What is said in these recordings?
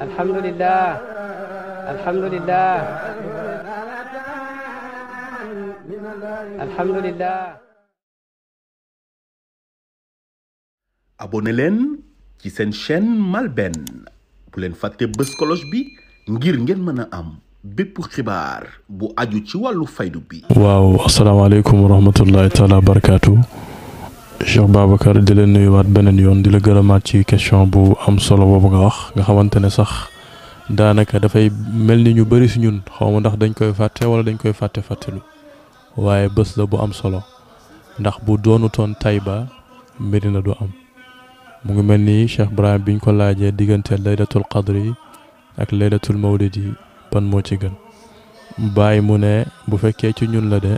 alhamdulilah alhamdulilah alhamdulilah. abonné leen ci seen chaîne MALBN bu leen fàtte bës cloche bi ngir ngeen mën a am bépp xibaar bu aju ci wàllu faydu bi. waaw asalaamaaleykum wa rahmatullahi taala wa barakaatu. Cheikh Babacar di la nuyuwaat beneen yoon di la gërëmaat ci question bu am solo boobu nga wax nga xamante ne sax daanaka dafay mel ni ñu bari si ñun xaw ma ndax dañ koy fàtte wala dañ koy fàtte fàttelu waaye bés la bu am solo ndax bu doonu ton doonutoon Taïba na du am mu ngi mel ni Cheikh Ibrahim biñ ko laajee diggante laylatul qadri ak laylatul mawlid yi ban moo ci gën bàyyi mu ne bu fekkee ci ñun la de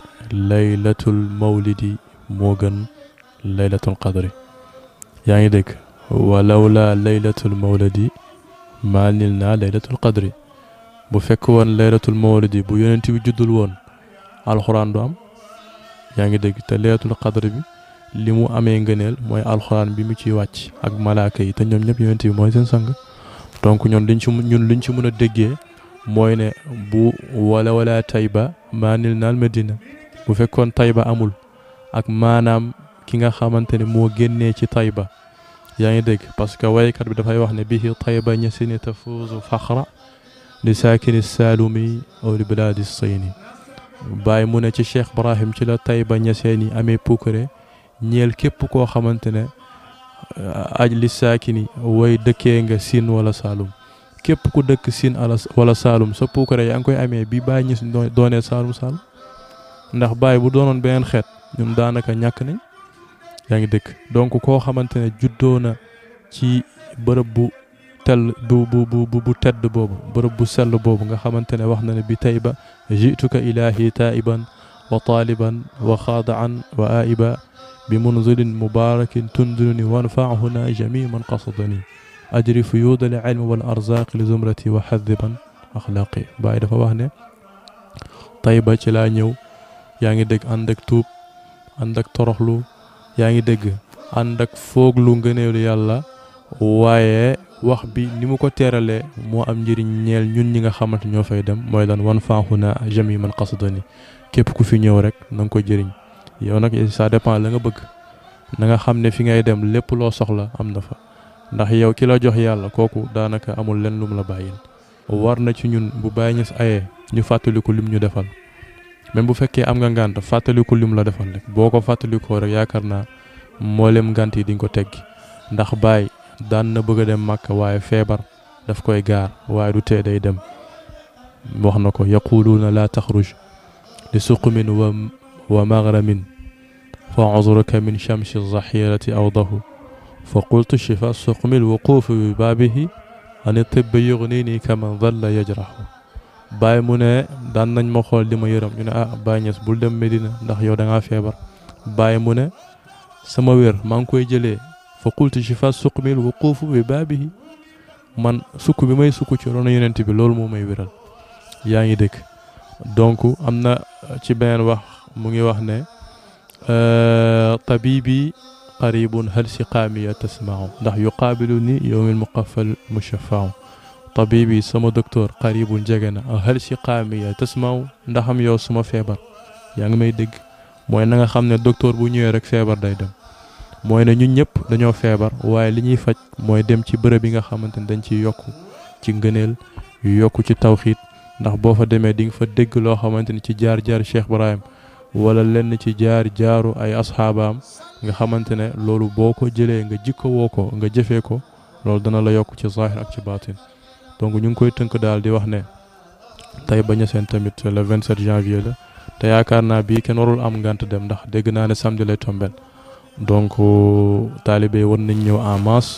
laylatul mawlid moo gën laylatul qadri yaa ngi dégg walawla laylatul mawlidi maa nil naa laylatul qadri bu fekk woon laylatul mawlidi bu yonent bi juddul woon alxuraan du am yaa ngi dégg te laylatul qadri bi li mu amee ngëneel mooy alxuraan bi mu ciy wàcc ak malaaka yi te ñoom ñëpp yonent mooy seen sang donc ñoom liñ ci ñun liñ ci mën a déggee mooy ne bu wala wala tayba maa nil naal medina bu fekkoon tayba amul ak maanaam ki nga xamante ne moo génnee ci ba yaa ngi dégg parce que waykat bi dafay wax ne ba bihi Tayba ñasini tafuusu faxra li saakini saalumi aw li bilaadi sayni bàyyi mu ne ci Cheikh Ibrahim ci la ba Tayba ñaseeni amee pukkare ñeel képp koo xamante ne aj li saakini way dëkkee nga Siin wala Saalum képp ku dëkk Siin wala Saalum sa pukkare yaa ngi koy amee bi bàyyi ñis doonee Saalum Saalum ndax bàyyi bu doonoon beneen xeet ñun daanaka ñàkk nañ yaa ngi dëkk donc koo xamante ne juddoo na ci bërëb bu tell bu bu tedd boobu bërëb bu sell boobu nga xamante ne wax na ne bi tayba jituka ilahi taiban wa taliban wa xaadaan wa aiba bi munzilin mubarakin tundiruni wanfaa huna jami man qasadani ajri fuyuda li ilmi wal arzaq li zumrati wa xadiban axlaqi Baay dafa wax ne tayba ci laa ñëw yaa ngi dégg ànd ak tuub ànd toroxlu yaa ngi dégg ànd ak fooglu ngëneelu yàlla waaye wax bi ni mu ko teeralee moo am njëriñ ñeel ñun ñi nga xamante ñoo fay dem mooy lan wan fanxu na jami man xasadani képp ku fi ñëw rek na nga ko jëriñ yow nag ça dépend la nga bëgg na nga xam ne fi ngay dem lépp loo soxla am na fa ndax yow ki jox yàlla kooku daanaka amul lenn mu la bàyyil war na ci ñun bu bàyyi ñes ayee ñu fàttaliku lim ñu defal même bu fekkee am nga ngànt fàttaliku mu la defal rek boo ko fàttalikoo rek yaakaar naa mboolem ngànt yi di nga ko teggi ndax Baye daan na bëgg a dem Makka waaye feebar daf koy gaar waaye du tee day dem wax na ko yaquluuna laa taxruj li suqmin wa wa maghramin fa uzruka min chamsi zahirati awdahu fa qultu shifa suqmi lwuqufu bi baabihi an tibbi yugnini kaman dalla yajrahu Baye mu ne daan nañ ma xool di ma yërëm ñu ne ah Baye bul dem Medina ndax yow dangaa feebar Baye mu ne sama wér maa ngi koy jëlee fa qultu shifa suqmil wuquufu bi baabihi man sukk bi may sukk ci ronu yonent bi loolu moo may wéral yaa ngi dëkk donc am na ci beneen wax mu ngi wax ne euh, tabibi qaribun hal siqaamiya tasmau ndax yuqaabilu ni yowmil muqafal mushaffaau tabibi sama docteur xaribun jege na hal si xaami ya tasmaaw ndaxam yow suma feebar yaa ngi may dégg mooy na nga xam ne docteur bu ñëwee rek feebar day dem mooy ne ñun ñëpp dañoo feebar waaye li ñuy faj mooy dem ci bërëb yi nga xamante ne dañ ciy yokk ci ngëneel yokk ci tawxiit ndax boo fa demee dinga fa dégg loo xamante ni ci jaar jaar Cheikh Ibrahim wala lenn ci jaar jaaru ay asxaabaam nga xamante ne loolu boo ko jëlee nga jikko woo ko nga jëfee ko loolu dana la yokk ci zaahir donc ñu ngi koy tënk daal di wax ne tey bañ a seen tamit le 27 janvier la te yaakaar naa bii kenn warul am ngant dem ndax dégg naa ne samedi lay tombel donc euh, taalibe won nañ ñëw en masse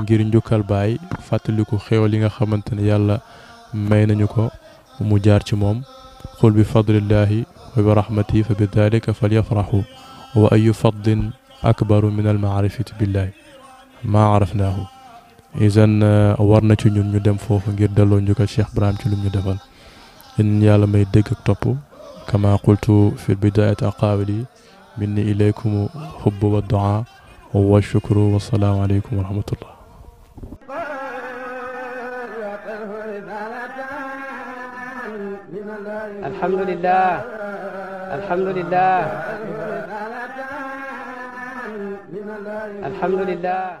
ngir njukkal baay fàttaliku xéewal yi nga xamante ne yàlla may nañu ko mu jaar ci moom xul bi fadlillahi wa bi rahmatihi fa bi dalika falyafrahu wa ayu fadlin akbaru min almaarifati billahi maa arafnaahu isan eh, war na ci ñun ñu dem foofu ngir delloo njukkal Cheikh Ibrahim ci lu ñu defal in yàlla may dégg ak topp kama qultu fi bidaayati aqaawili minni ilaykum alhamdulillah